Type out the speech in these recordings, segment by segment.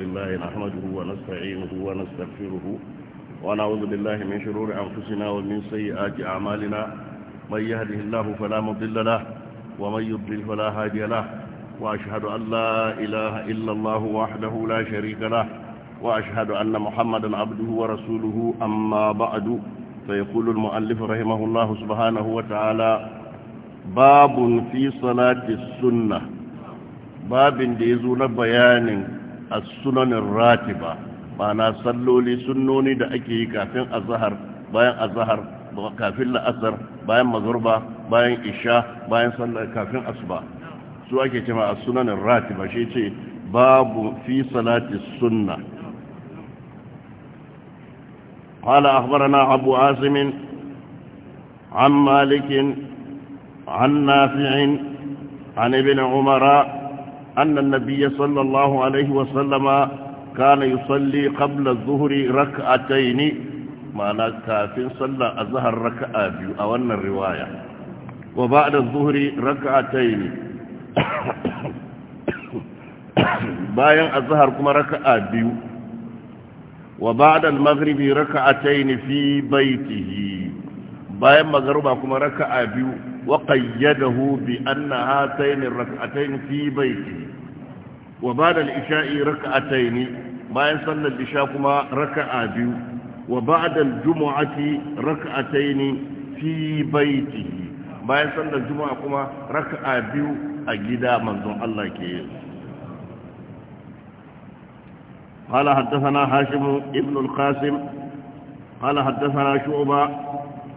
لله نحمده ونستعينه ونستغفره ونعوذ بالله من شرور أنفسنا ومن سيئات أعمالنا من يهده الله فلا مضل له ومن يضلل فلا هادي له وأشهد أن لا إله إلا الله وحده لا شريك له وأشهد أن محمدا عبده ورسوله أما بعد فيقول المؤلف رحمه الله سبحانه وتعالى باب في صلاة السنة babin da ya zo na bayanin as-sunanin ratiba na salloli sunnoni da ake yi kafin azhar bayan azhar kafin la'asar bayan magharba bayan isha bayan sallar kafin asuba su ake cewa as-sunanin ratiba shi ce babu fi salati sunna قال أخبرنا أبو عاصم عن مالك عن نافع عن ابن عمر أن النبي صلى الله عليه وسلم كان يصلي قبل الظهر ركعتين معنى كافٍ صلى الظهر ركعة بيو الرواية وبعد الظهر ركعتين باين azhar كما ركعة biyu wa ba'da al-maghribi raka'atayn fi baytihi bayan magruba وقيده بأن هاتين الركعتين في بيته وبعد الإشاء ركعتين ما يصلى الإشاء كما ركع بيو وبعد الجمعة ركعتين في بيته ما يصلى الجمعة كما ركع بيو أجدا منظم الله كيس قال حدثنا هاشم ابن القاسم قال حدثنا شعبة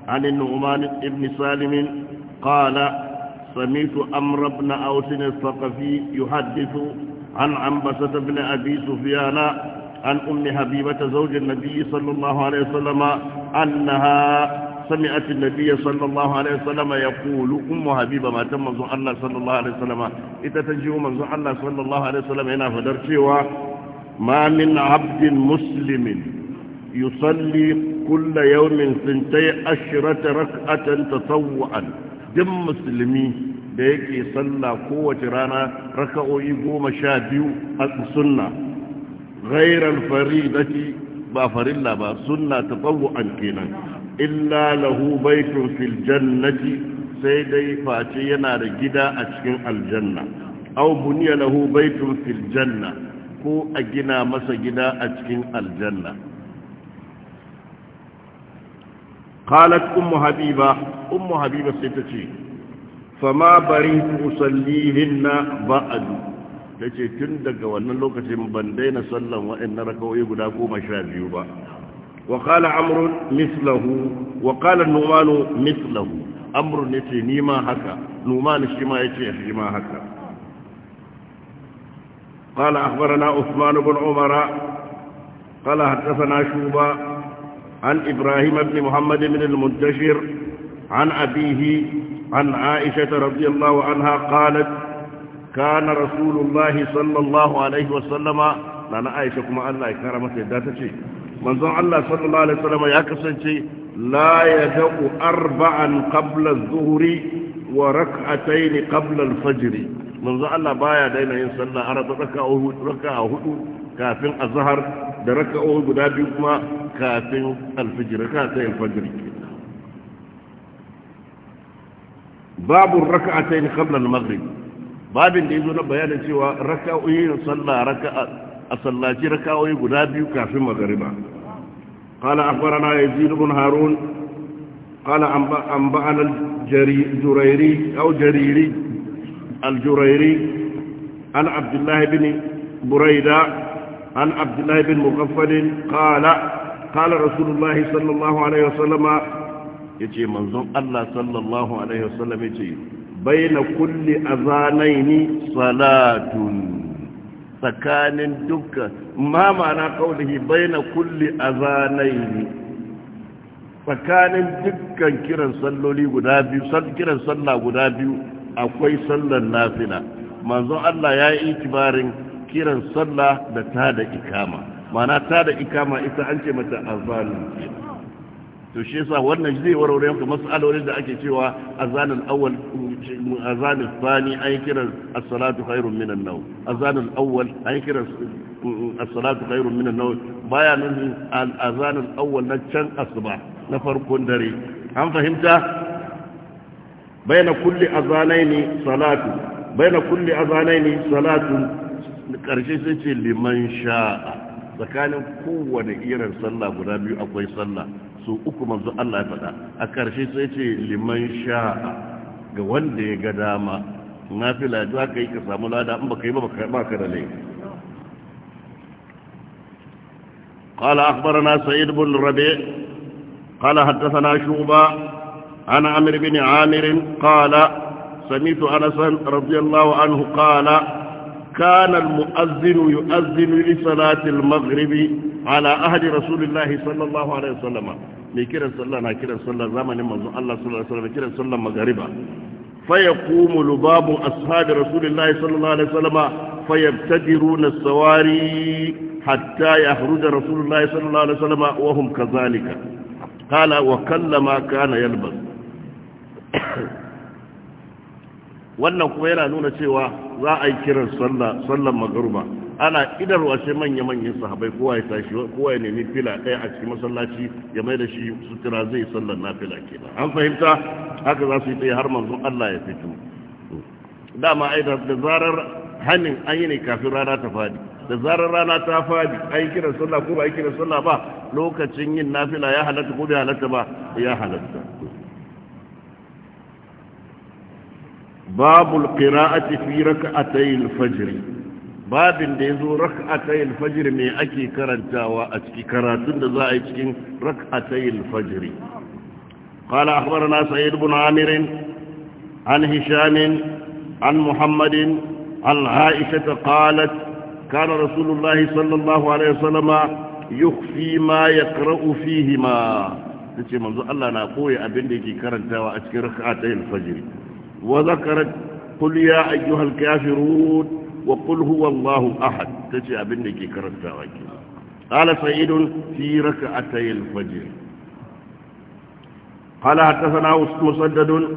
عن النعمان ابن سالم قال سمعت أمر بن أوس الثقفي يحدث عن عنبسة بن أبي سفيان عن أم حبيبة زوج النبي صلى الله عليه وسلم أنها سمعت النبي صلى الله عليه وسلم يقول أم حبيبة ما تم منظر الله صلى الله عليه وسلم إذا تنجيه منظر الله صلى الله عليه وسلم هنا فدرسيها ما من عبد مسلم يصلي kulla yawmin sintai ashirata rak'atan tatawwa'an duk musulmi da yake sallah kowace rana raka'o'i goma sha biyu a sunna ghairar faridati ba farilla ba sunna tatawwu'an kenan illa lahu baitun fil jannati sai dai face yana da gida a cikin aljanna aw buniya lahu baitun fil janna ko a gina masa gida a cikin aljanna قالت أم حبيبة أم حبيبة ستتي فما بريت أصليهن بعد tace tun daga wannan lokacin ban daina sallan wa'annan rakawoyi guda goma sha biyu ba wa qala amr mislahu wa qala numan ce ni ma haka numan shi ma yace shi ma haka usman ibn umara qala hadathana shuba عن إبراهيم بن محمد بن المنتشر عن أبيه عن عائشة رضي الله عنها قالت كان رسول الله صلى الله عليه وسلم لأن عائشة كما الله كرمت ذاتك من ظن الله صلى الله عليه وسلم يكسن لا يدعو أربعا قبل الظهر وركعتين قبل الفجر من ظن الله بايا دين ينسلنا أرد ركعه هدو كافٍ الظهر da raka'o guda biyu kuma kafin alfijir kafin alfajir babu raka'atayn qabla al-maghrib babin da yazo na bayanin cewa raka'o'i sallah raka'a a sallaci raka'o'i guda biyu kafin magriba قال أخبرنا يزيد بن هارون قال أنبأنا الجريري أو جريري الجريري عن عبد الله بن بريدة عن عبد الله بن مغفل قال قال رسول الله صلى الله عليه وسلم يجي منظم الله صلى الله عليه وسلم يجي بين كل أذانين صلاة سكان دكة ما معنى قوله بين كل أذانين tsakanin dukkan kiran salloli guda biyu kiran sallah guda biyu akwai sallar nafila manzon Allah ya yi itibarin kiran sallah da ta da ikama mana ta da ikama ita an ce mata azanin to shi yasa wannan zai warware yanku mas'alolin da ake cewa azanin awwal azanin thani an kiran as-salatu khairun minan nawm azanin awwal an kiran as-salatu khairun minan nawm baya nan al-azanin awwal na can asuba na farkon dare an fahimta بين كل أذانين صلاة بين كل أذانين صلاة ƙarshe sai ce liman sha'a tsakanin kowane irin sallah guda biyu akwai sallah su uku manzo Allah ya faɗa a ƙarshe sai ce liman sha'a ga wanda ya ga dama nafila ta kai ka samu lada in ba ka yi ba ka da laifi قال أخبرنا سيد بن ربيع قال حدثنا شعبة عن عمرو بن عامر قال سمعت أنسا رضي الله عنه قال كان المؤذن يؤذن لصلاة المغرب على أهل رسول الله صلى الله عليه وسلم لكرة صلى الله كرة صلى زمن منذ الله صلى الله عليه وسلم كرة صلى مغربا فيقوم لباب أصحاب رسول الله صلى الله عليه وسلم فيبتدرون السواري حتى يخرج رسول الله صلى الله عليه وسلم وهم كذلك قال وكلما كان يلبس wannan kuma yana nuna cewa za a yi kiran sallan magaruba ana idarwa sai manya-manyan sahabai kowa ya tashi kowa ya nemi fila ɗaya a cikin masallaci ya mai da shi sutura zai sallar na fila kenan an fahimta haka za su yi tsaye har manzon Allah ya fito dama ai da zarar hannun an yi ne kafin rana ta fadi da zarar rana ta fadi an yi kiran sallah ko ba a yi kiran sallah ba lokacin yin nafila ya halatta ko bai halatta ba ya halatta babu alqira'ati fi rak'atay alfajr babin da yazo rak'atay alfajr me ake karantawa a cikin karatun da za a yi cikin rak'atay alfajr قال أخبرنا سعيد بن عامر عن هشام عن محمد عن عائشة قالت كان رسول الله صلى الله عليه وسلم يخفي ما يقرأ فيهما تتشي منذ الله نقول أبن لكي كرنتا وأتكي ركعتين الفجر وذكرت قل يا أيها الكافرون وقل هو الله أحد تجي أبنك كرتا وكي قال سعيد في ركعتي الفجر قال حدثنا مسدد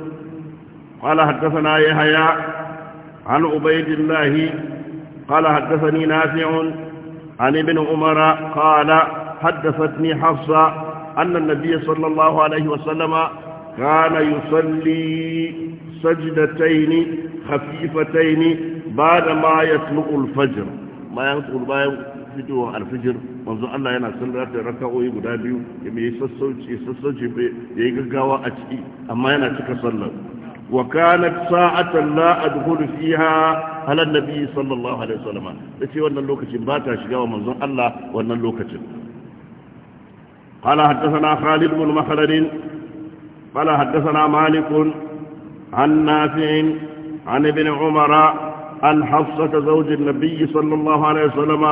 قال حدثنا يحيى عن عبيد الله قال حدثني نافع عن ابن عمر قال حدثتني حفصة أن النبي صلى الله عليه وسلم كان يصلي سجدتين خفيفتين بعدما يطلع الفجر ما يطلع باين fitowa alfijir manzo Allah yana sallar da raka'o'i guda biyu ya mai sassauci sassauci gaggawa a ciki amma yana cika sallar wa kanat sa'atan la adkhulu fiha ala nabi sallallahu alaihi wasallam dace wannan lokacin ba ta shiga wa manzon Allah wannan lokacin عن نافع عن ابن عمر عن حفصة زوج النبي صلى الله عليه وسلم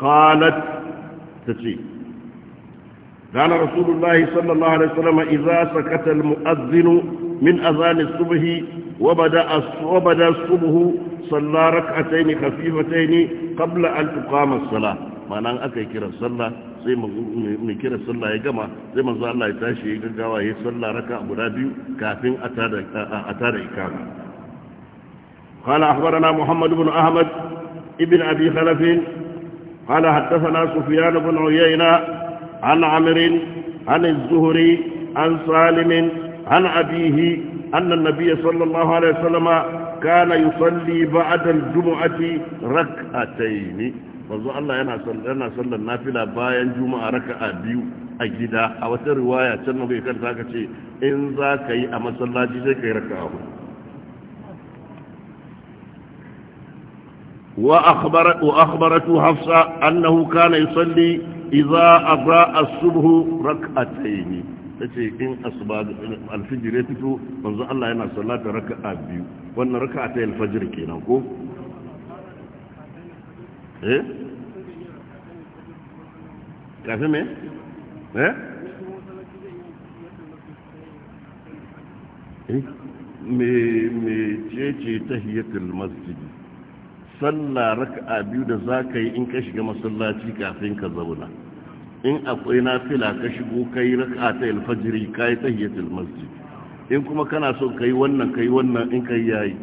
قالت تسيب كان رسول الله صلى الله عليه وسلم إذا سكت المؤذن من أذان الصبح وبدأ وبدأ الصبح صلى ركعتين خفيفتين قبل أن تقام الصلاة ما أكي كرا صلى sai mai kira sallah ya gama zai manzo Allah ya tashi ya gaggawa ya sallah raka guda biyu kafin a tada ikama قال أخبرنا محمد بن أحمد ابن أبي خلف قال حدثنا سفيان بن عيينة عن عمر عن الزهري عن سالم عن أبيه أن النبي صلى الله عليه وسلم كان يصلي بعد الجمعة ركعتين manzo Allah yana yana sallar nafila bayan juma'a raka'a biyu a gida a wata riwaya can nabi kai zaka ce in za ka yi a masallaci sai kai raka'a hudu wa akhbarat wa akhbaratu hafsa annahu kana yusalli idza abra as-subh rak'atayn tace in asba al-fajr ya fito manzo Allah yana sallata raka'a biyu wannan raka'atay al-fajr kenan ko eh kafin me eh, eh mecece ta hiyatul masjidi sallah raka'a biyu da za ka yi in ka shiga masallaci kafin ka zauna in akwai nafila ka shigo ka yi raka'a ta alfajiri ka yi ta hiyatul masjidi in kuma kana so ka yi wannan ka yi wannan in ka yi yayi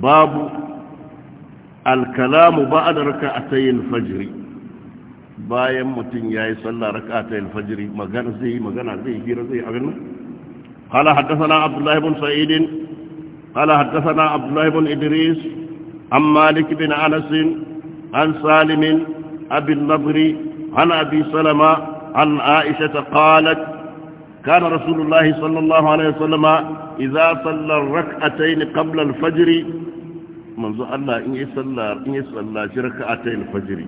babu alkalamu ba a da raka a tayin fajiri bayan mutum ya yi sallah raka a yin fajiri magana zai yi magana zai yi hira zai abin hala haddasa abdullahi bin sa'idin hala haddasa na abdullahi bin idris an malik bin anasin an salimin abin labri an abi salama an aisha ta qalat كان رسول الله صلى الله عليه وسلم إذا صلى الركعتين قبل الفجر manzo Allah in yi sallah in yi sallah shirka a ta alfajiri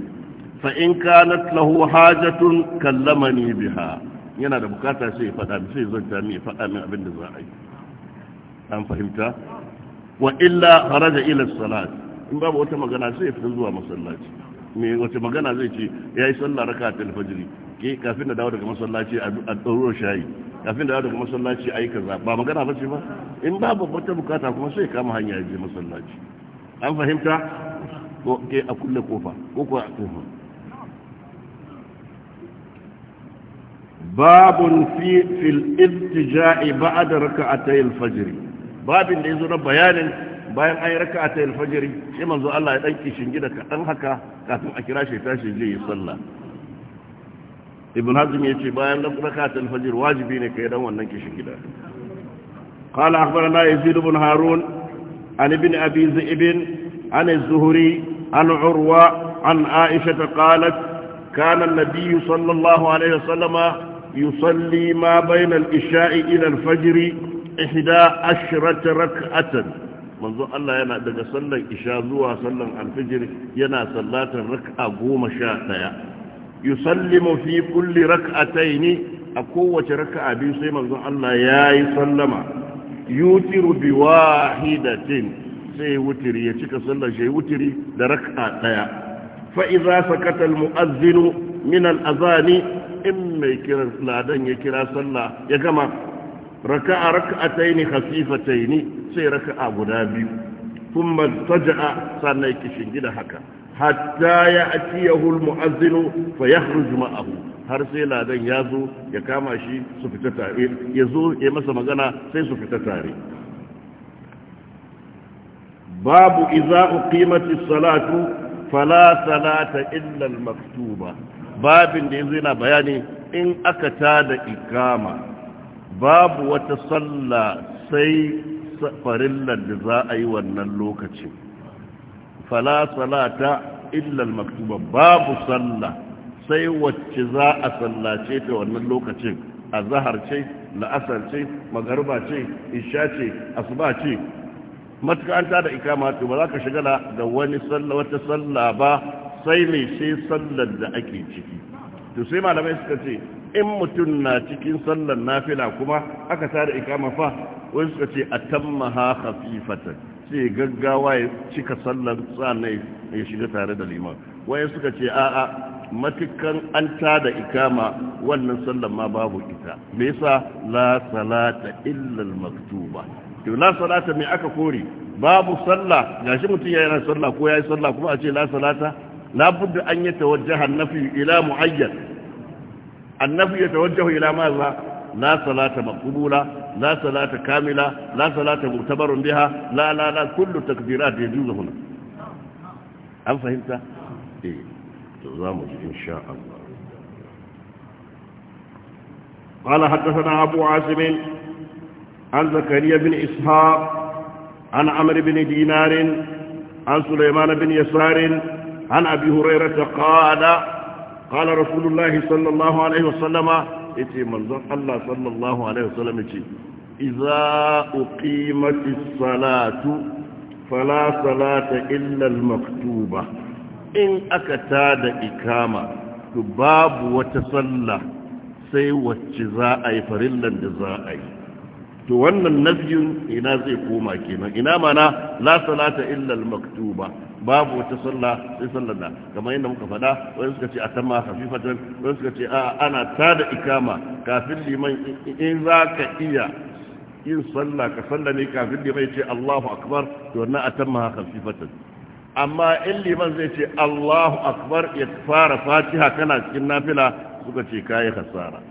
fa in kanat lahu hajatun kallamani biha yana da bukata sai ya faɗa sai zan ta ya faɗa min abin da za a yi an fahimta wa illa kharaja ila salat in babu wata magana sai ya fita zuwa masallaci me wace magana zai ce yayi sallah raka'a ta alfajiri ke kafin da dawo daga masallaci a ɗauro shayi kafin da daga masallaci a yi kaza ba magana ba ce ba in babu wata bukata kuma sai ya kama hanya ya je masallaci an fahimta ko ke eh, a kulle kofa ko kuwa a kofa babun fi fil ibtija'i ba'da raka'atay al babin da yazo na bayanin bayan ayi raka'atay al-fajr sai manzo Allah ya dan kishin gida kadan haka kafin a kira shi tashi je yi sallah ibn hazm yace bayan raka'atay al-fajr wajibi ne kai dan wannan kishin gida قال أخبرنا يزيد بن هارون عن ابن أبي ذئب عن الزهري عن عروة عن عائشة قالت كان النبي صلى الله عليه وسلم يصلي ما بين الإشاء إلى الفجر إحدى عشرة ركعة manzo Allah yana daga sallan isha zuwa sallan alfijir yana sallatar rak'a goma sha ɗaya yusallimu fi kulli rak'ataini a kowace rak'a biyu sai manzo Allah yayi sallama yutiru bi wahidatin sai wutiri ya cika sallar shi wutiri da raka daya fa idza sakata al muazzin min al azani in mai kira ladan ya kira sallah ya gama raka'a raka'ataini khafifataini sai raka'a guda biyu thumma taja'a sannan kishin gida haka hatta ya atiyahu al muazzin fa yakhruj ma'ahu har sai ladan ya zo ya kama shi su fita tare ya zo ya masa magana sai su fita tare babu iza uqimati salatu fala salata illa al-maktuba babin da yanzu yana bayani in aka tada ikama babu wata sallah sai farillar da za a yi wannan lokacin fala salata illa al-maktuba babu sallah sai wacce za a sallace ta wannan lokacin a zahar ce la'asar ce magarba ce isha ce asuba ce matuka an tada ikama to ba za ka shigala da wani sallah wata sallah ba sai mai sai sallar da ake ciki to sai malamai suka ce in mutum na cikin sallar nafila kuma aka tada ikama fa Wai suka ce a tamma tammaha hafifatan sai gaggawa ya cika sallar tsanai ya shiga tare da liman Wai suka ce a'a matukan an tada ikama wannan sallar ma babu ita me yasa la salata illal maktuba to la salata me aka kore babu sallah gashi mutum yayin sallah ko yayi sallah kuma a ce la salata la budda an yatawajjaha an-nafi ila muayyan an-nafi yatawajjahu ila ma لا صلاة مقبولة لا صلاة كاملة لا صلاة مؤتبر بها لا لا لا كل تكبيرات يجوز هنا an fahimta إيه eh. to za mu ji insha Allah قال حدثنا أبو عاصم عن زكريا بن إسحاق عن عمرو بن دينار عن سليمان بن يسار عن أبي هريرة قال قال رسول الله صلى الله عليه وسلم إتي منظر الله صلى الله عليه وسلم إتي إذا أقيمت الصلاة فلا صلاة إلا المكتوبة in aka tada ikama to babu wata sallah sai wacce za a yi farillan da za a yi to wannan nafiyun ina zai koma kenan ina mana la salata illa al-maktuba babu wata sallah sai sallar da kamar yadda muka fada wani suka ce a tamma hafifatan wani suka ce a ana tada ikama kafin liman in za ka iya yin sallah ka sallah ne kafin liman ya ce Allahu akbar to wannan a tamma hafifatan amma in liman zai ce Allahu akbar ya fara fatiha kana cikin nafila suka ce kayi hasara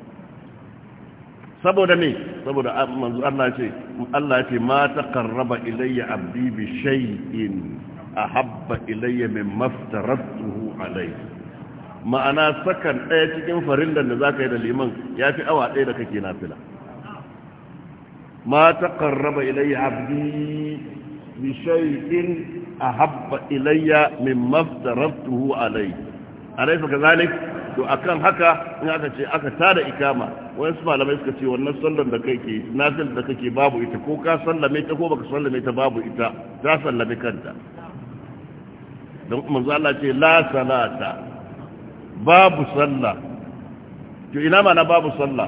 saboda ne saboda manzo Allah ce Allah ce ma taqarraba ilayya abdi bi shay'in ahabba ilayya mimma aftaratuhu alayhi ma'ana sakan daya cikin farillan da zaka yi da liman yafi awa daya da kake nafila ma taqarraba ilayya abdi بشيء أحب إلي مما افترضته عليه أليس كذلك to akan haka in aka ce aka tada ikama wani su malamai suka ce wannan sallan da kake nafil da kake babu ita ko ka sallame ta ko baka sallame ta babu ita ta sallame kanta don ce la salata babu sallah to ina mana babu sallah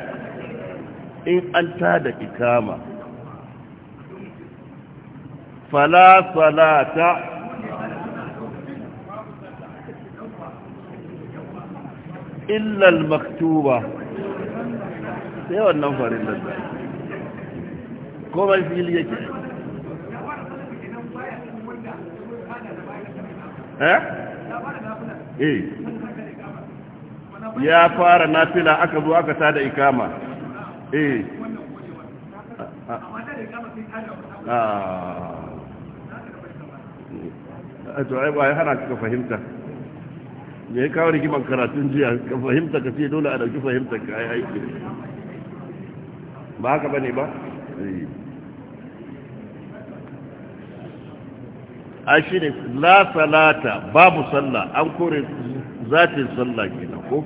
in an ta da ikama fala salata illa al-maktuba sai wannan farin da ko bai fili yake eh? eh ya fara nafila aka zo aka tada ikama eh a ah. eh, to ai ba ya hana ka fahimta me ya kawo rigiman karatun jiya ka fahimta ka ce dole a dauki fahimta ka ai aiki ba haka bane ba a eh. shi ne la salata babu sallah an kore zatin sallah na ko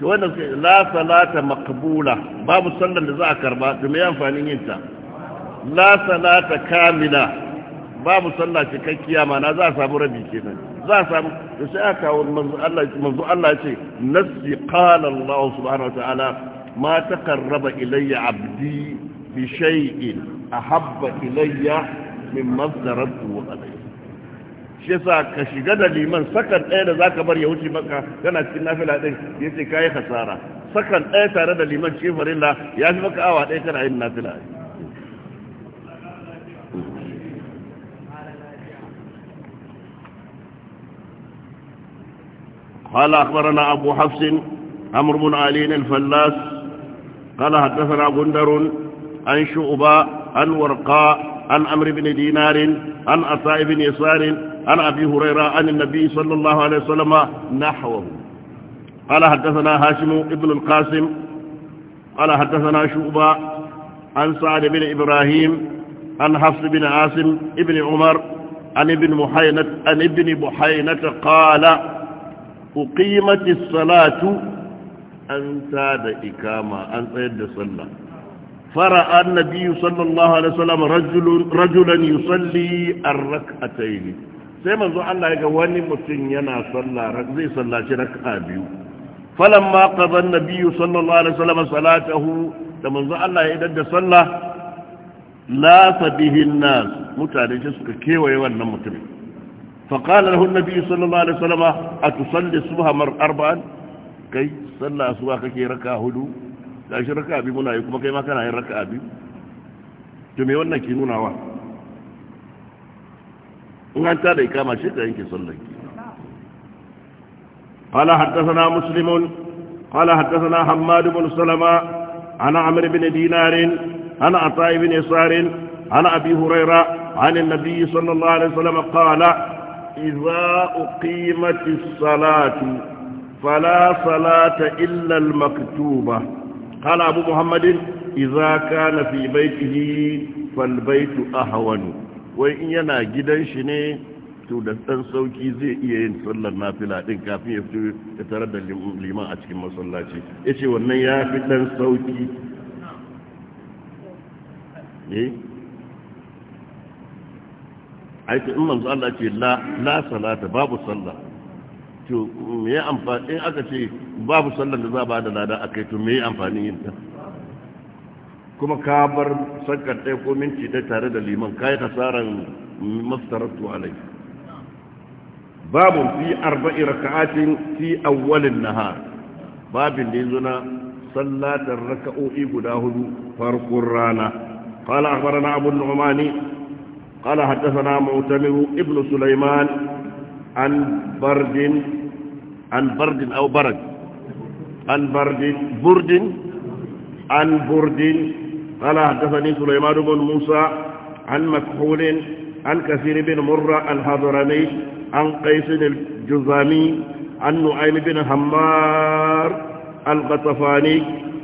to wannan sai la salata maqbula babu sallar da za a karba to me amfanin yin ta la salata kamila babu sallah cikakkiya ma na za a samu rabi kenan za a samu to sai a kawo manzo Allah manzo Allah ce nasi qala Allah subhanahu wa ta'ala ma taqarraba ilayya abdi bi shay'in ahabba ilayya mimma zaratu alayhi shi yasa ka shiga da liman sakan ɗaya da zaka bar ya wuce maka kana cikin nafila din yace kai hasara sakan ɗaya tare da liman shi farilla ya fi maka awa ɗaya tare yin nafila قال أخبرنا أبو حفص عمرو بن علي الفلاس قال حدثنا غندر عن شعبة عن ورقاء عن أمر بن دينار عن أساء بن يسار عن أبي هريرة عن النبي صلى الله عليه وسلم نحوه قال حدثنا هاشم ابن القاسم قال حدثنا شعبة عن سعد بن إبراهيم عن حفص بن عاصم ابن عمر عن ابن محينة عن ابن بحينة قال أقيمت الصلاة أن تاد إكاما أن تيد صلى فرأى النبي صلى الله عليه وسلم رجل رجلا يصلي الركعتين sai manzo Allah ya ga wani mutum yana sallah zai sallaci raka'a biyu falamma qada an-nabiyyu sallallahu alaihi wasallam salatahu da manzo Allah ya idan da sallah la sabihin nas mutane shi suka kewaye wannan mutumin فقال له النبي صلى الله عليه وسلم أتصلي الصبح مر أربعا كي صلى الصبح كي ركع هدو لا شركع بمنا يكما كما كان يركع بي تمي ونكي نونا واحد in an tada ikama shi ka yanke sallar ki qala haddathana muslimun qala haddathana hammad ibn salama ana amr ibn dinar ana ata ibn yasar ana abi hurayra an an-nabi sallallahu alaihi wasallam qala idza uqimatis salatu فلا صلاة إلا المكتوبة قال أبو محمد إذا كان في بيته فالبيت أهون wai in yana gidan shi ne to da ɗan sauki zai iya yin sallar nafila ɗin kafin ya fito ya tarar da liman a cikin masallaci ya ce wannan ya fi ɗan sauki ne eh? aiki in manzo Allah ce la salata babu sallah to me amfani in aka ce babu sallar da za ba da lada akai to me amfani yin ta kuma ka bar sakar ɗaya ko minti ɗaya tare da liman ka yi kasarar mastaratu alai babu fi arba'i raka'atin fi awwalin nahar babin da yanzu na sallatar raka'o'i guda hudu farkon rana قال أخبرنا أبو النعماني قال حدثنا معتمر ابن سليمان عن برد عن برد أو برد عن برد برد عن برد قال حدثني سليمان بن موسى عن مكحول عن كثير بن مرة الحضرمي عن قيس الجزامي عن نعيم بن همار القطفاني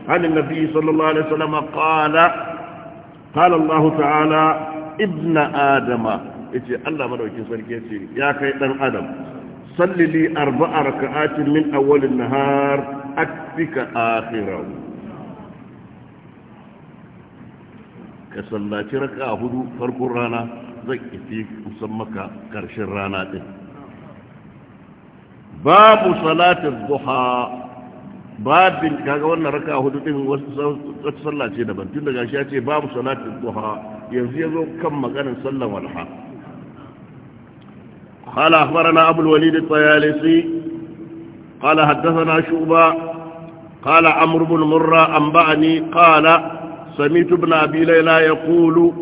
عن النبي صلى الله عليه وسلم قال قال الله تعالى ابن آدم يتي الله مدوكي سركي يا كاي آدم صلي لي أربع ركعات من أول النهار أكفك آخره ya sallaci raka hudu farkon rana zai ifi kusan maka karshen rana din babu salatin duha babin kaga wannan raka hudu din wasu sallace daban tun daga shi ya ce babu salatin duha yanzu ya zo kan maganin sallan walha قال أخبرنا أبو الوليد الطيالسي قال حدثنا شعبة قال عمرو بن مرة أنبأني قال سميت ابن أبي ليلى يقول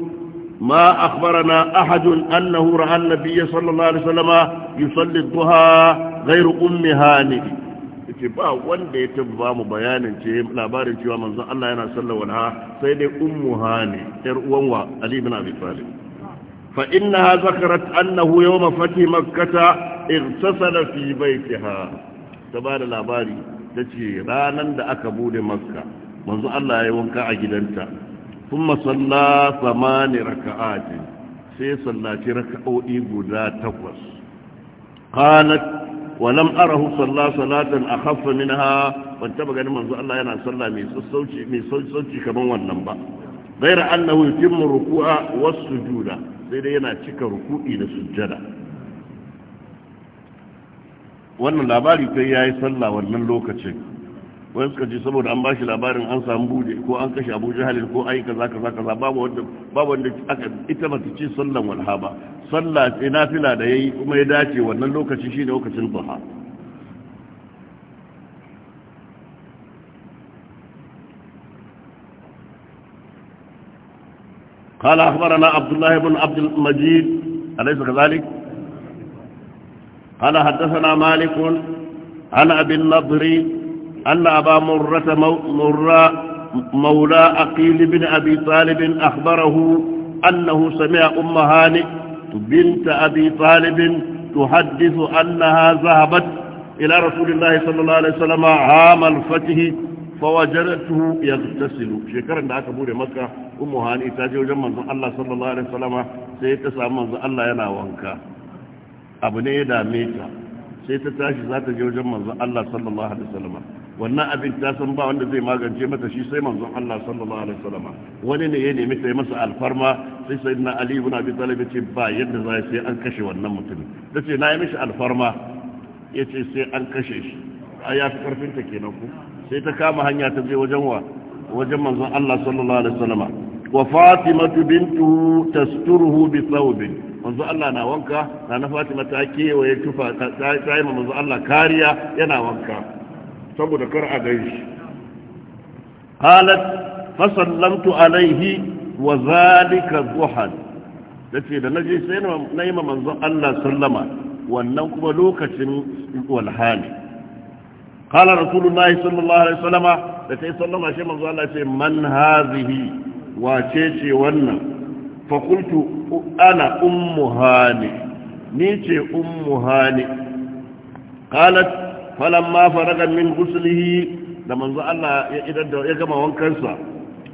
ما أخبرنا أحد أنه رأى النبي صلى الله عليه وسلم يصلي الضحى غير أم هانئ ba wanda ya tabba mu bayanin ce labarin cewa manzon Allah yana sallar walha sai dai ummu hani yar uwan wa Ali ibn Abi Talib fa innaha zakarat annahu yawma fati makkah irtasala fi baytiha ta ba da labari tace ranan da aka bude makka manzo Allah ya yi wanka a gidanta kuma salla samani raka'atin sai sallaci raka'o'i guda takwas qalat wa lam arahu salla salatan akhaffa minha ban taba ganin manzo Allah yana salla mai sauci mai sauci kaman wannan ba ghayra annahu yutimmu ruku'a was sujuda sai dai yana cika ruku'i da sujjada wannan labari kai yayi sallah wannan lokacin wani suka ce saboda an bashi labarin an samu bude ko an kashe abu jahalin ko ayi kaza kaza kaza babu wanda babu wanda aka ita mata ce sallan walha ba sallah ce nafila da yayi kuma ya dace wannan lokaci shine lokacin duha قال أخبرنا عبد الله بن عبد المجيد أليس كذلك قال حدثنا مالك عن أبي النضري أن أبا مرة مرة مولى أقيل بن أبي طالب أخبره أنه سمع أم هانئ بنت أبي طالب تحدث أنها ذهبت إلى رسول الله صلى الله عليه وسلم عام الفتح فوجدته يغتسل شكرا لك أبو مكة أم هانئ تاجي وجمع الله صلى الله عليه وسلم سيتسع من الله ينا وانكا أبني داميتا sai ta tashi za ta je wajen manzon Allah sallallahu alaihi wasallam wannan abin ta san ba wanda zai magance mata shi sai manzon Allah sallallahu alaihi wasallam wani ne ya nemi sai masa alfarma sai sayyidina Ali ibn Abi Talib ya ce ba yadda za sai an kashe wannan mutumin dace na yi mishi alfarma yace sai an kashe shi a ya fi karfin ta kenan ku sai ta kama hanya ta je wajen wa wajen manzon Allah sallallahu alaihi wasallam wa Fatima bintu tasturuhu bi thawbin manzo Allah na wanka na na Fatima ta kewaye tufa ta yi manzo Allah kariya yana wanka saboda kar a shi halat fasallamtu alaihi wa zalika zuhal ce da naje sai na yi manzon Allah sallama wannan kuma lokacin walhali qala rasulullahi sallallahu alaihi wasallama da sai sallama shi manzon Allah ce man hazihi wannan fa ana ummu hani ni ce falamma faraga min guslihi da manzo Allah ya idan da ya gama wankansa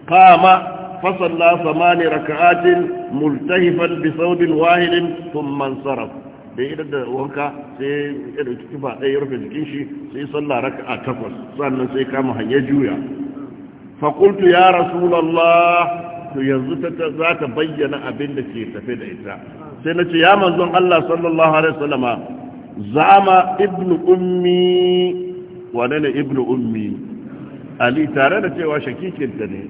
qama فصلى ثمان ركعات ملتهفا بثوب wahidin ثم انصرف da ya da wanka sai ya dauki kifa ɗaya rufe jikin shi sai sallah raka'a takwas sannan sai kama hanya juya fakultu ya rasulallah to yanzu ta za ta bayyana abin da ke tafe da ita sai na ce ya manzon Allah sallallahu alaihi wasallama zama ibnu ummi wane ne ibnu ummi ali tare da cewa shakikinta ne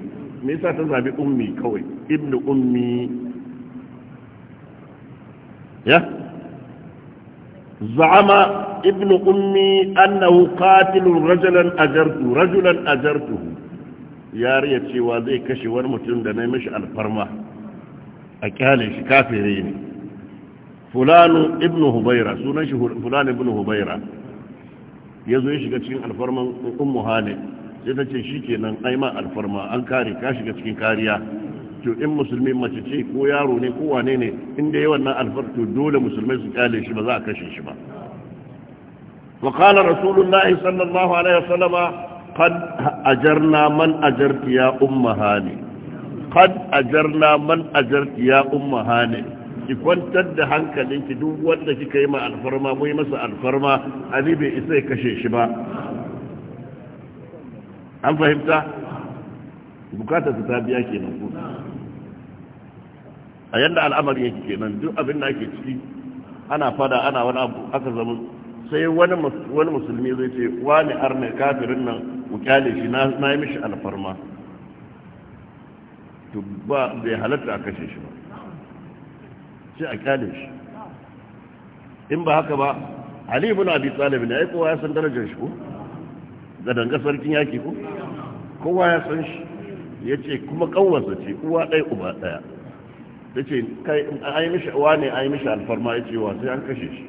me ta zabi ummi kawai ibnu ummi ya zama ibnu ummi annahu qatilun rajulan ajartu rajulan ajartu yariya cewa zai kashe wani mutum da na mishi alfarma a kyale shi kafirai ne fulanu ibn hubaira sunan shi fulan ibn hubaira ya zo ya shiga cikin alfarman ummu hane sai ta ce shi kenan ai ma alfarma an kare ka shiga cikin kariya to in musulmi mace ce ko yaro ne ko wane ne inda yi wannan alfar to dole musulmai su kyale shi ba za a kashe shi ba wa qala rasulullahi sallallahu alaihi wasallama qad ajarna man ajarti ya umma hane qad ajarna man ajarti ya umma hane ki kwantar da hankalinki duk wanda kika yi ma alfarma mu yi masa alfarma ali bai isa ya kashe shi ba an fahimta bukatar ta biya kenan ku a yanda al'amari yake kenan duk abin da ake ciki ana fada ana wani abu aka zama sai wani musulmi zai ce wani arna kafirin nan kyale shi na yi mishi alfarma to ba bai halatta a kashe shi ba sai a kyale shi in ba haka ba ali ibn abi talib ne ai kowa ya san darajar shi ko da danga sarkin yaki ko kowa ya san shi yace kuma kanwarsa ce uwa ɗaya uba ɗaya da ce ai mishi uwa ne ai mishi alfarma yace wa sai an kashe shi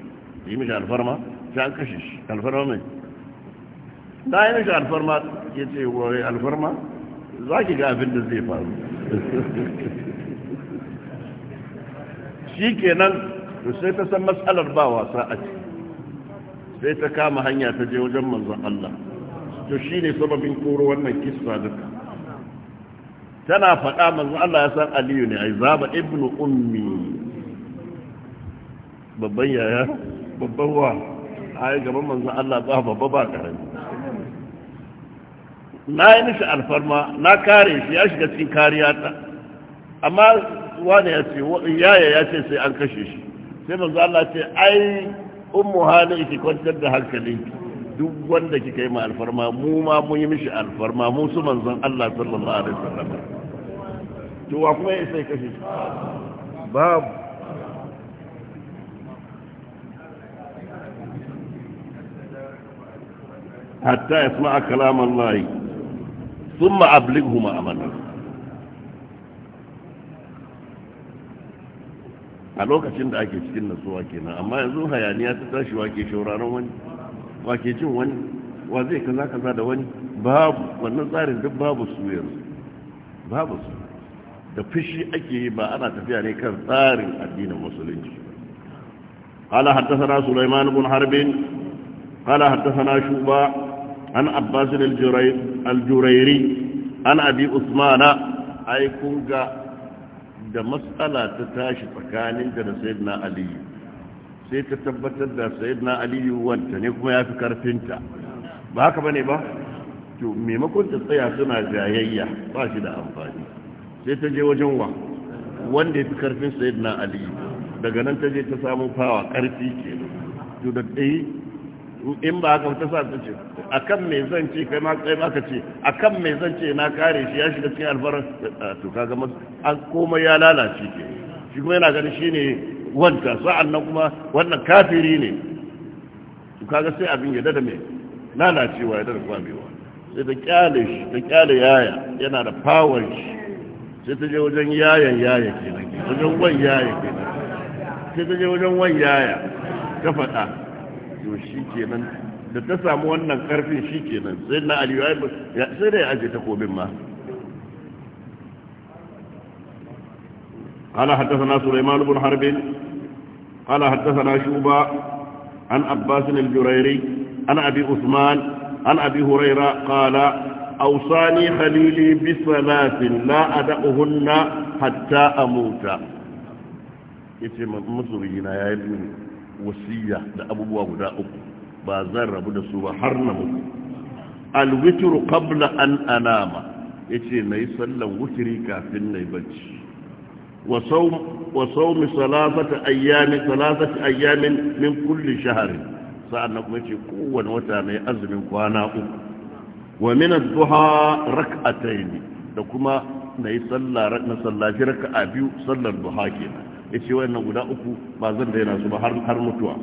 yi mishi alfarma sai an kashe shi alfarma mai da yi mishi alfarma yace wa alfarma za ki ga abin da zai faru shi kenan to sai ta san matsalar ba wasa a ciki sai ta kama hanya ta je wajen manzan Allah to shi ne sababin koro wannan kissa duka tana faɗa manzan Allah ya san aliyu ne ai zaba ibnu ummi babban yaya babban wa ai gaban manzan Allah ba babba ba ƙarami. na yi mishi alfarma na kare shi ya shiga cikin kariya ta amma wani ya ce yaya ya ce sai an kashe shi sai manzo Allah ce ai ummu hali ki kwantar da hankali duk wanda kika yi ma alfarma mu ma mun yi mishi alfarma mu su manzon Allah sallallahu alaihi wasallam to wa kuma ya sai kashe babu hatta yasma'a kalam Allah ثم أبلغهما ma a lokacin da ake cikin nasuwa kenan amma yanzu hayaniya ta tashi wake shauraron wani wake jin wani wa zai kaza kaza da wani babu wannan tsarin duk babu su yanzu babu su da fushi ake yi ba ana tafiya ne kan tsarin addinin musulunci قال حدثنا سليمان بن حرب قال حدثنا شوبا عن عباس الجريري عن ابي عثمان اي كونغا da matsala ta tashi tsakanin da sayyidina aliyu sai ta tabbatar da sayyidina aliyu wanta ne kuma ya fi karfinta ba haka bane ba to maimakon ta tsaya suna jayayya ba shi da amfani sai ta je wajen wa wanda ya fi karfin sayyidina aliyu daga nan ta je ta samu fawa karfi ke to da ɗaya in ba haka ta sa ta ce a kan mai zan ce kai ma ka ce a kan mai zan ce na kare shi ya shiga cikin alfarar to kaga masu an komai ya lalace ke shi kuma yana gani shi ne wanta sa'an nan kuma wannan kafiri ne to kaga sai abin ya dada mai lalacewa ya dada kwamewa sai ta kyale shi ta kyale yaya yana da power shi sai ta je wajen yayan yaya kenan wajen wan yaya kenan sai ta je wajen wan yaya ta faɗa yau shi da ta samu wannan karfin shi kenan sai na aliyu sai da ya aje ta kobin ma ala haddasa suleiman ibn harbin ala haddasa shuba an abbasin al-jurairi an abi usman an abi huraira qala awsani khalili bi salatin la ada'uhunna hatta amuta yace mazuri na yayi wasiya da abubuwa guda uku ba zan rabu da su ba har na mutu alwitru qabla an anama yace nayi sallan wutiri kafin nayi bacci wa sawm wa sawm salasata ayyamin salasata ayyamin min kulli shahr sa'annan kuma yace kowanne wata nayi azumin kwana uku wa min ad-duha rak'atayn da kuma nayi sallah na sallaci raka'a biyu sallar duha kenan ya ce wayannan guda uku ba zan daina su ba har mutuwa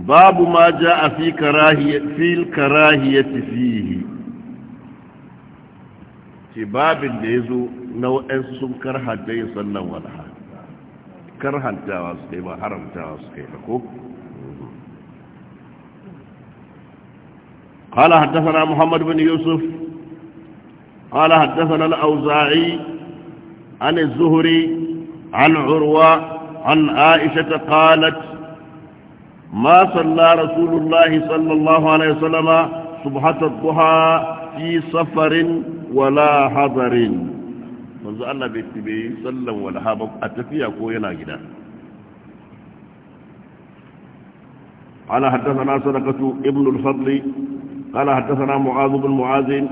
babu ma ja a fi karahiyati fihi ce babin da ya zo na waɗansu sun karhanta yin sallan walaha karhantawa su kai ba haramtawa su kai ko قال حدثنا محمد بن يوسف قال حدثنا الأوزاعي عن الزهري عن عروة عن عائشة قالت ما صلى رسول الله صلى الله عليه وسلم صبحة الضحى في سفر ولا حضر منذ الله بيتبعي صلى ولا حضر أتفيا كوينا جدا قال حدثنا صدقة ابن الفضل قال حدثنا معاذ بن معاذ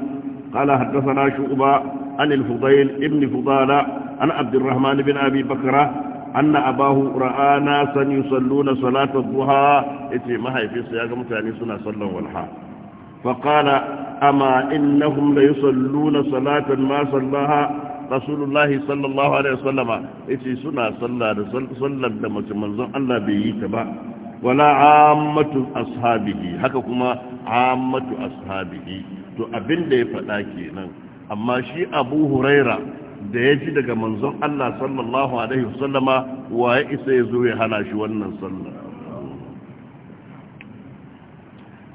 قال حدثنا شعبة عن الفضيل ابن فضالة عن عبد الرحمن بن أبي بكرة أن أباه رأى ناسا يصلون صلاة الضحى إتي ما هي في سياق متعنيسنا صلى والحا فقال أما إنهم ليصلون صلاة ما صلاها رسول الله صلى الله عليه وسلم إتي سنة صلى صلى لما تمنظم الله بيتبع ولا عامة أصحابه هكا كما عامة أصحابه to abin da ya faɗa ke nan amma shi abu huraira da ya ji daga manzon Allah sallallahu alaihi wasallama wa ya isa ya zo ya hana shi wannan sallah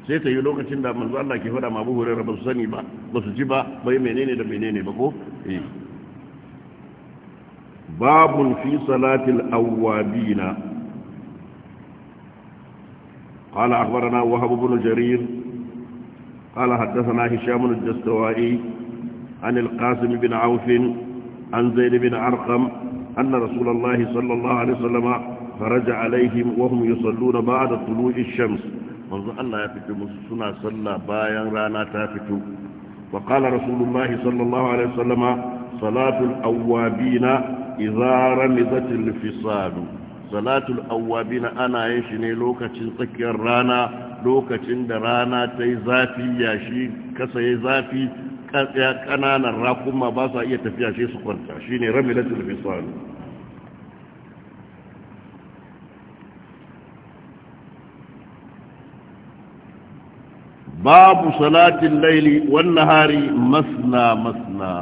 sai ta yi lokacin da manzon Allah ke faɗa ma abu huraira ba su sani ba ba su ji ba bai menene da menene ba ko eh. babun fi salatil awwabina قال أخبرنا وهب بن جرير قال حدثنا هشام الدستوائي عن القاسم بن عوف عن زيد بن عرقم أن رسول الله صلى الله عليه وسلم خرج عليهم وهم يصلون بعد طلوع الشمس منذ لا يفتو السنة صلى بايا رانا تافت وقال رسول الله صلى الله عليه وسلم صلاة الأوابين إذا رمضت الفصال salatul awwabina ana yin shi ne lokacin tsakiyar rana lokacin da rana ta yi zafi yashi kasa ya zafi kananan rakuma ba sa iya tafiya shi su kwanta shi ne ramilatul fisali babu salatin laili wannan hari masna masna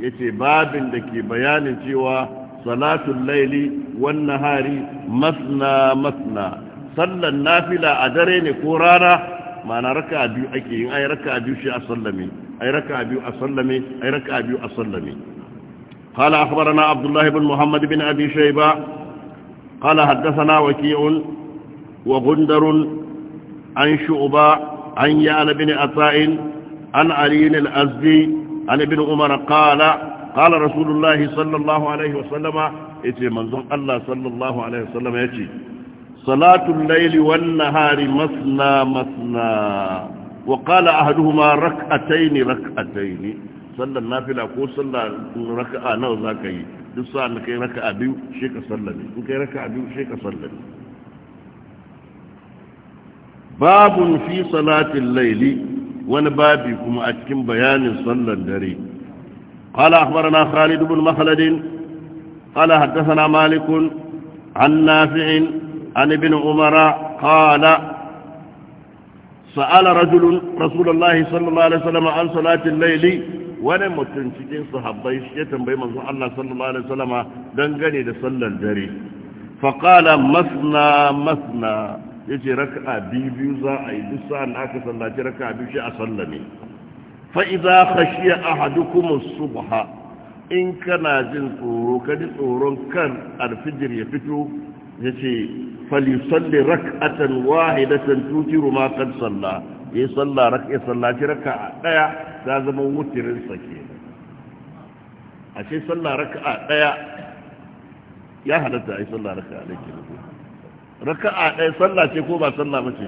yace ce babin da ke bayanin cewa salatun laili wannan hari, masna masna sallan nafila a dare ne ko rana ma'ana raka biyu ake yin ayi raka biyu shi a sallame ayi raka biyu a sallame ai raka biyu a sallame قال أخبرنا عبد الله بن محمد بن أبي شيبة قال حدثنا وكيع وغندر عن شعبة عن يعلى بن أطاء عن علي الأزدي عن ابن عمر قال قال رسول الله صلى الله عليه وسلم يتي منظم الله صلى الله عليه وسلم يتي صلاة الليل والنهار مثنى مثنى وقال أهدهما ركعتين ركعتين صلى النافلة كو صلى ركعة نو ذاكي دسا أنك ركعة بيو شيك صلى بي أنك ركعة بيو شيك صلى بي باب في صلاة الليل wani babi kuma a cikin bayanin sallan dare قال أخبرنا خالد بن مخلد قال حدثنا مالك عن نافع عن ابن عمر قال سأل رجل رسول الله صلى الله عليه وسلم عن صلاة الليل wani mutum cikin sahabbai ya tambayi manzon Allah sallallahu alaihi wasallama dangane da sallar dare faqala masna masna yace raka'a biyu za a yi duk sa'an aka sallaci raka'a biyu shi a sallame fa'iza khashiya ahadukum subha in kana jin tsoro ka ji tsoron kan alfijir ya fito yace falisalli rak'atan wahidatan tutiru ma qad salla ya salla rak'a sallati rak'a daya ta zama wutirin sa ke ashe salla rak'a daya ya halatta ai salla rak'a daya rak'a daya salla ce ko ba salla mace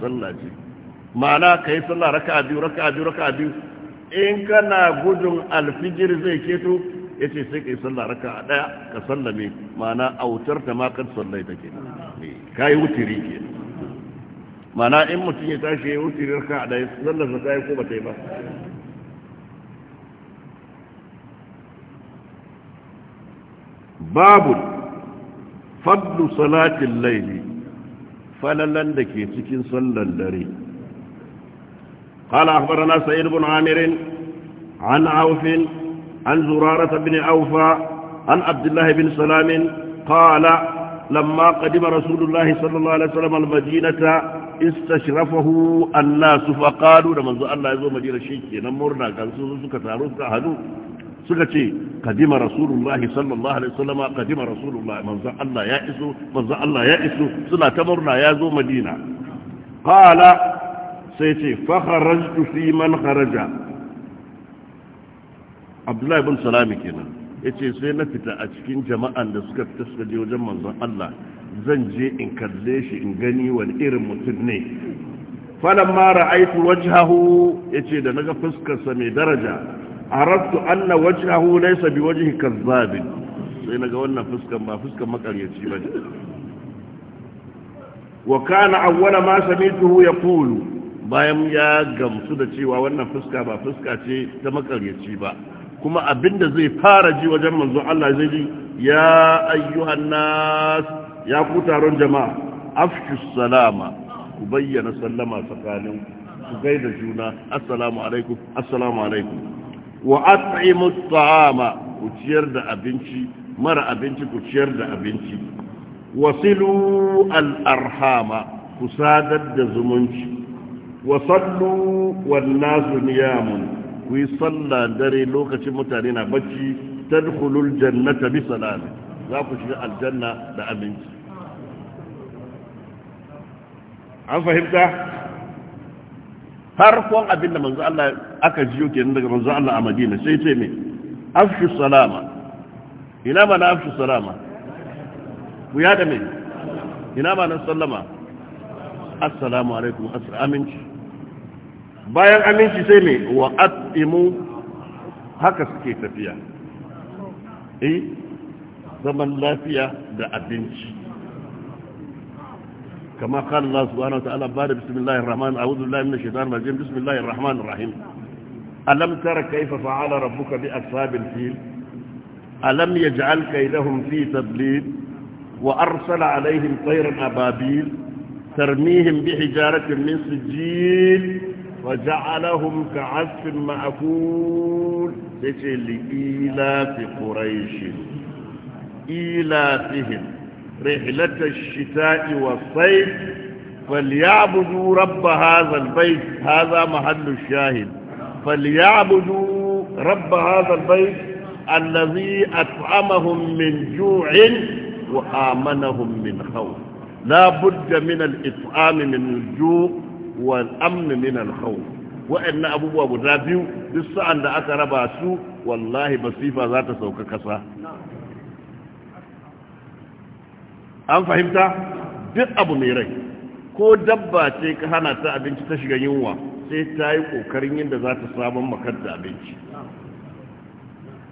salla ce ma'ana ka yi sallah raka biyu raka biyu raka biyu in kana gudun alfijir zai keto ya ce sai ka yi sallah raka ɗaya ka sallame ma'ana autar ta makar sallai take ka yi wutiri ke ma'ana in mutum ya tashi ya yi wutiri raka ɗaya sallar sa kai ko ba ta yi ba babu fadlu salatin laili falalan da ke cikin sallar dare قال أخبرنا سيد بن عامر عن عوف عن زرارة بن أوفى عن عبد الله بن سلام قال لما قدم رسول الله صلى الله عليه وسلم المدينة استشرفه الناس فقالوا لمن ذو الله يزو مدينة شيكي نمرنا كان سوزوك تاروك هدو سكتي قدم رسول الله صلى الله عليه وسلم قدم رسول الله من ذو الله يأسو من ذو الله يأسو سلا تمرنا يزو مدينة قال sai ce fakharajtu fi man kharaja abdullahi bin salami kenan ce sai na fita a cikin jama'an da suka fita suka je wajen manzon Allah zan je in kalle shi in gani wani irin mutum ne falamma ra'aytu ya ce da naga fuskarsa mai daraja arabtu anna wajhahu laysa biwajhi kazzab sai naga wannan fuskan ba fuskar makaryaci bane wa kana awwala ma sami'tuhu yaqulu bayan ya gamsu da cewa wannan fuska ba fuska ce ta makaryaci ba kuma abinda zai fara ji wajen manzo Allah zai ji ya ayyuhan nas ya ku taron jama'a afshu salama ku bayyana sallama tsakanin ku gaida juna assalamu alaikum assalamu alaikum wa at'imu at'ama ku ciyar da abinci mara abinci ku ciyar da abinci wasilu al-arhama ku sadar da zumunci wa sallu wan nasu niyamun ku yi salla dare lokacin mutane na bacci tadkhulul jannata bi salami za ku shiga aljanna da aminci an fahimta har kwan abinda manzo Allah aka jiyo kenan daga manzo Allah a Madina sai ce me afshu salama ina ma na afshu salama ku ya da me ina ma na sallama assalamu alaikum aminci bayan aminci sai ne wa atimu haka suke tafiya eh zaman lafiya da abinci kama kan Allah subhanahu wa ta'ala ba da bismillahir rahman a'udhu billahi minash shaitanir rajim bismillahir rahmanir rahim alam tara kayfa fa'ala rabbuka bi ashabil fil alam yaj'al kaydahum fi tadlil wa arsala alayhim tayran ababil tarmihim bi hijaratin min sijil فجعلهم كعسف مأكول تشي لإيلاف قريش إيلافهم رحلة الشتاء والصيف فليعبدوا رب هذا البيت هذا محل الشاهد فليعبدوا رب هذا البيت الذي أطعمهم من جوع وآمنهم من خوف لا بد من الإطعام من الجوع Wal'amni amn min al khawf abubuwa guda biyu duk sa'an da aka raba su wallahi basifa za ta sauka kasa an fahimta duk abu mai rai ko dabba ce ka hana ta abinci ta shiga yunwa sai ta yi kokarin yadda za ta samun makar da abinci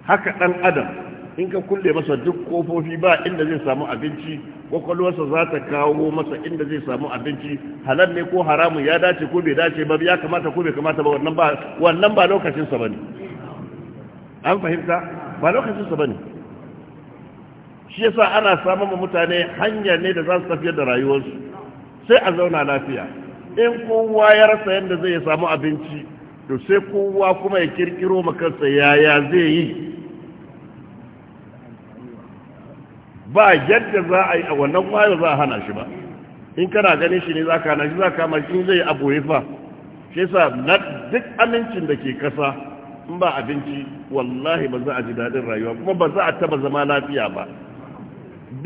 haka dan adam in ka kulle masa duk kofofi ba inda zai samu abinci kwakwalwarsa za ta kawo masa inda zai samu abinci halal ne ko haramun ya dace ko bai dace ba ya kamata ko bai kamata ba wannan ba wannan ba lokacin sa bane an fahimta ba lokacin sa bane shi yasa ana samun mutane hanya ne da za su tafiyar da rayuwarsu sai a zauna lafiya in kowa ya rasa yadda zai samu abinci to sai kowa kuma ya kirkiro makarsa yaya zai yi ba yadda za a yi a wannan waya za a hana shi ba in kana ganin shi ne za ka hana shi za ka kama shi zai aboye fa shi sa duk amincin da ke kasa in ba abinci wallahi ba za a ji daɗin rayuwa kuma ba za a taba zama lafiya ba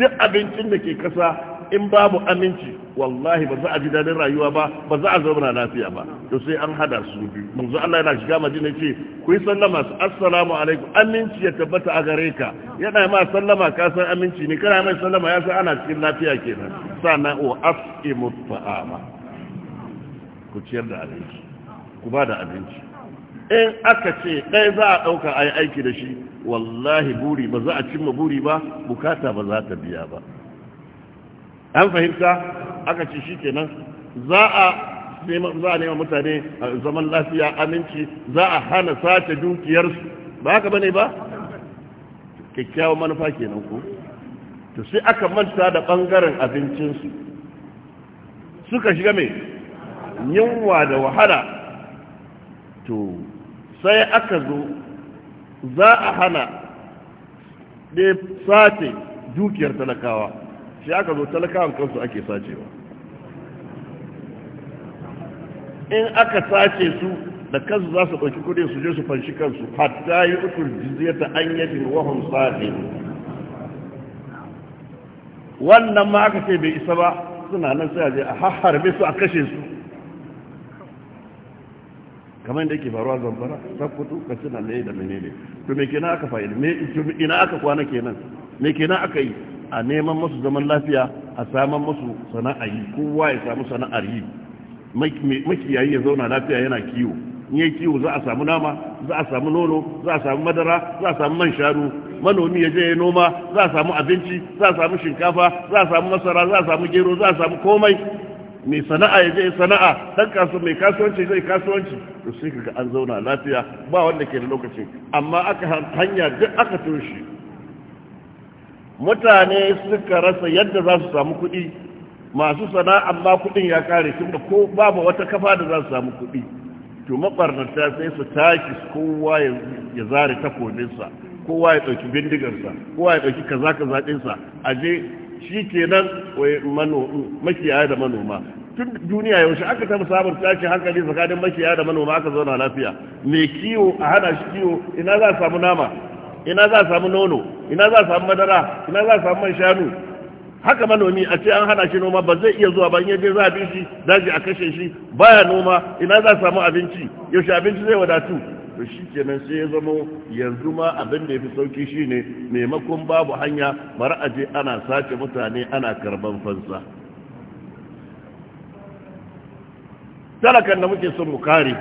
duk abincin da ke kasa in babu aminci wallahi ba za a ji daɗin rayuwa ba ba za a zauna lafiya ba to sai an hada su biyu manzo Allah yana shiga madina ce ku yi sallama su assalamu alaikum aminci ya tabbata a gare ka yana ma sallama ka san aminci ne kana mai sallama ya san ana cikin lafiya kenan sannan o oh, asimu ta'ama ku ciyar da abinci ku ba da abinci in aka ce ɗaya za a ɗauka a yi aiki da shi wallahi buri ba za a cimma buri ba bukata ba za ta biya ba an fahimta aka ci shi kenan za a za a nema mutane zaman lafiya aminci za a hana sace dukiyarsu ba haka bane ba kyakkyawan manufa kenan ko to sai aka manta da bangaren abincinsu suka shiga mai yunwa da wahala to sai aka zo za a hana da sace dukiyar talakawa sai aka zo talakawan kansu ake sacewa in aka sace su da kansu za su ɗauki kudin su je su fanshi kansu hatta yi ukur ta an yadin wahun sa'adin wannan ma aka ce bai isa ba suna nan sai a je a harbe su a kashe su kamar yadda yake faruwa zamfara kudu ka suna mai da menene to me kenan aka fa'ida me ina aka kwana kenan me kenan aka yi a neman masu zaman lafiya a saman masu sana'a yi kowa ya samu sana'ar yi makiyayi ya zauna lafiya yana kiwo in yi kiwo za a samu nama za a samu nono za a samu madara za a samu man shanu manomi ya je ya noma za a samu abinci za a samu shinkafa za a samu masara za a samu gero za a samu komai mai sana'a ya je sana'a dan kasu mai kasuwanci zai kasuwanci to sai kaga an zauna lafiya ba wanda ke da lokaci amma aka hanya duk aka toshe mutane suka rasa yadda za su samu kuɗi masu sana'a ma kuɗin ya kare su da ko babu wata kafa da za su samu kuɗi to makwarnata sai su taki kowa ya zare takoninsa, kowa ya ɗauki bindigarsa kowa ya ɗauki kaza kaza ɗinsa a je shi ke kenan makiyaya da manoma tun duniya yaushe aka taɓa samun tashin hankali tsakanin makiyaya da manoma aka zauna lafiya mai kiwo a hana shi kiwo ina za a samu nama ina za a samu nono ina za a samu madara ina za a samu man shanu haka manomi a ce an hana shi noma ba zai iya zuwa ba in yaje za a bi shi daji a kashe shi baya noma ina za a samu abinci yaushe abinci zai wadatu to shi kenan sai ya zama yanzu ma abin da ya fi sauki shine maimakon babu hanya bari a ana sace mutane ana karban fansa talakan da muke son mu kare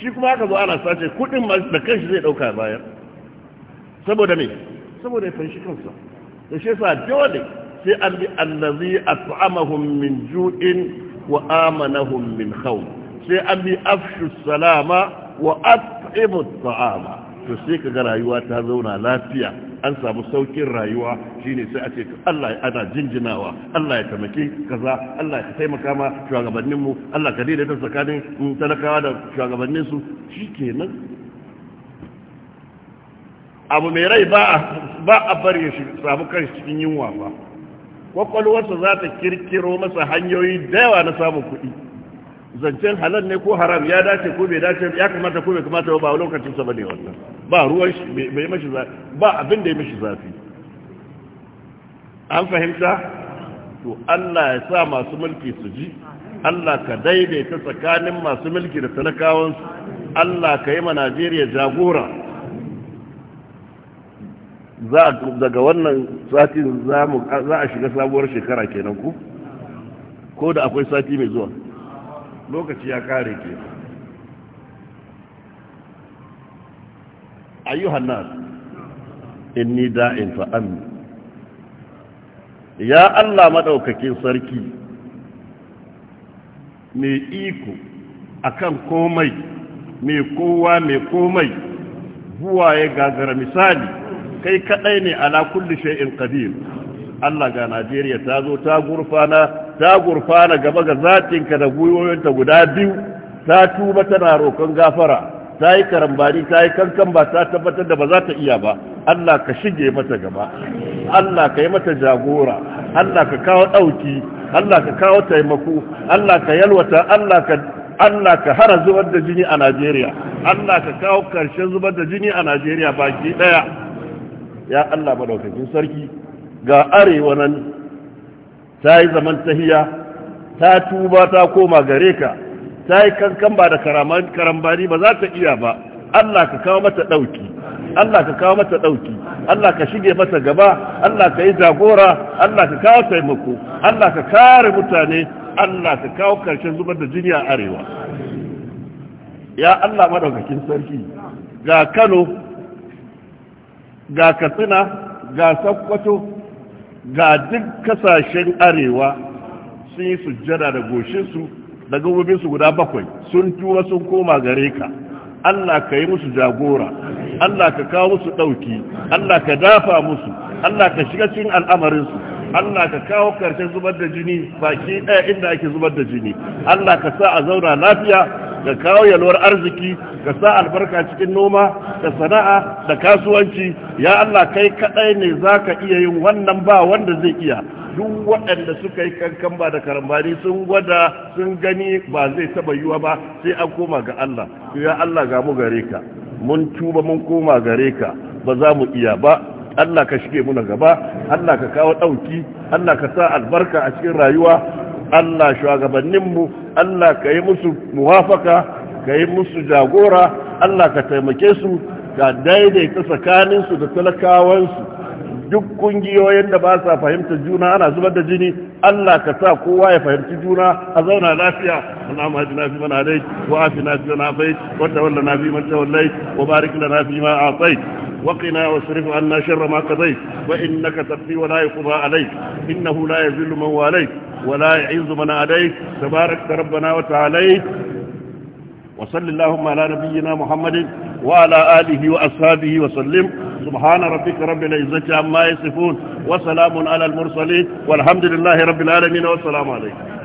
shi kuma aka zo ana sace kudin da kanshi zai ɗauka bayan saboda ne saboda ya fanshi kansa da shi yasa dole sai an bi allazi at'amahum min ju'in wa amanahum min khawf sai an bi afshu salama wa at'imu at'ama to sai kaga rayuwa ta zauna lafiya an samu saukin rayuwa shine sai a ce Allah ana jinjinawa Allah ya tamake kaza Allah ya taimaka ma shugabanninmu Allah ka daidaita tsakanin talakawa da shugabanninsu shikenan abu mai rai ba a bari shi samu kan cikin yunwa ba kwakwalwarsa za ta kirkiro masa hanyoyi da yawa na samun kuɗi zancen halal ne ko haram ya dace ko bai dace ya kamata ko bai kamata ba lokacin sa bane wannan ba ruwan shi bai mashi zafi ba abin da ya mashi zafi an fahimta to Allah ya sa masu mulki su ji Allah ka daidaita tsakanin masu mulki da talakawansu Allah ka yi ma Najeriya jagora daga wannan sati za a shiga sabuwar shekara kenan ku ko da akwai sati mai zuwa lokaci ya kare ke ayyuhan nas inni da'in fa ya Allah maɗaukakin sarki mai iko akan komai mai kowa mai komai huwa ya gagara misali kai kadai ne ala kulli shay'in qadir Allah ga Najeriya ta zo ta gurfana ta gurfana gaba ga zatinka da gwiwoyinta guda biyu ta tuba tana roƙon gafara ta yi karambari ta yi kankan ba ta tabbatar da ba za ta iya ba Allah ka shige mata gaba Allah ka yi mata jagora Allah ka kawo ɗauki Allah ka kawo taimako Allah ka yalwata Allah ka Allah ka hana zubar da jini a Najeriya Allah ka kawo ƙarshen zubar da jini a Najeriya baki ɗaya ya Allah madaukakin sarki ga arewa nan ta yi zaman tahiya ta tuba ta koma gare ka ta yi kankan ba da karambani ba za ta iya ba Allah ka kawo mata ɗauki Allah ka kawo mata ɗauki Allah ka shige mata gaba Allah ka yi jagora Allah ka kawo taimako Allah ka kare mutane Allah ka kawo karshen zubar da jini a arewa ya Allah madaukakin sarki ga Kano ga katsina ga sakkwato ga duk kasashen arewa sun yi sujjada da goshinsu da gabobinsu guda bakwai sun tura sun koma gare ka Allah ka yi musu jagora Allah ka kawo musu ɗauki Allah ka dafa musu Allah ka shiga cikin al'amarinsu Allah ka kawo karshen zubar da jini baki ɗaya inda ake zubar da jini Allah ka sa a zauna lafiya ka kawo yalwar arziki ka sa albarka cikin noma da sana'a da kasuwanci ya Allah kai kadai ne zaka iya yin wannan ba wanda zai iya duk waɗanda suka yi kankan ba da karambani sun gwada sun gani ba zai taba yiwa ba sai an koma ga Allah ya Allah ga mu gare ka mun tuba mun koma gare ka ba za mu iya ba Allah ka shige muna gaba Allah ka kawo ɗauki Allah ka sa albarka a cikin rayuwa Allah shugabanninmu Allah ka yi musu muwafaka ka yi musu jagora Allah ka taimake su ka daidaita tsakaninsu da talakawansu duk kungiyoyin da ba sa fahimtar juna ana zubar da jini Allah ka sa kowa ya fahimci juna a zauna lafiya Allah ma ji nafi mana dai wa fi nafi mana bai wanda wanda nafi man tawallai wa barik lana fi ma atai وقنا واصرف عنا شر ما قضيت وإنك تقضي ولا يقضى عليك إنه لا يذل من واليك ولا يعز من عليك تبارك ربنا وتعاليك وصل اللهم على نبينا محمد وعلى آله وأصحابه وسلم سبحان ربك رب العزة عما يصفون وسلام على المرسلين والحمد لله رب العالمين والسلام عليكم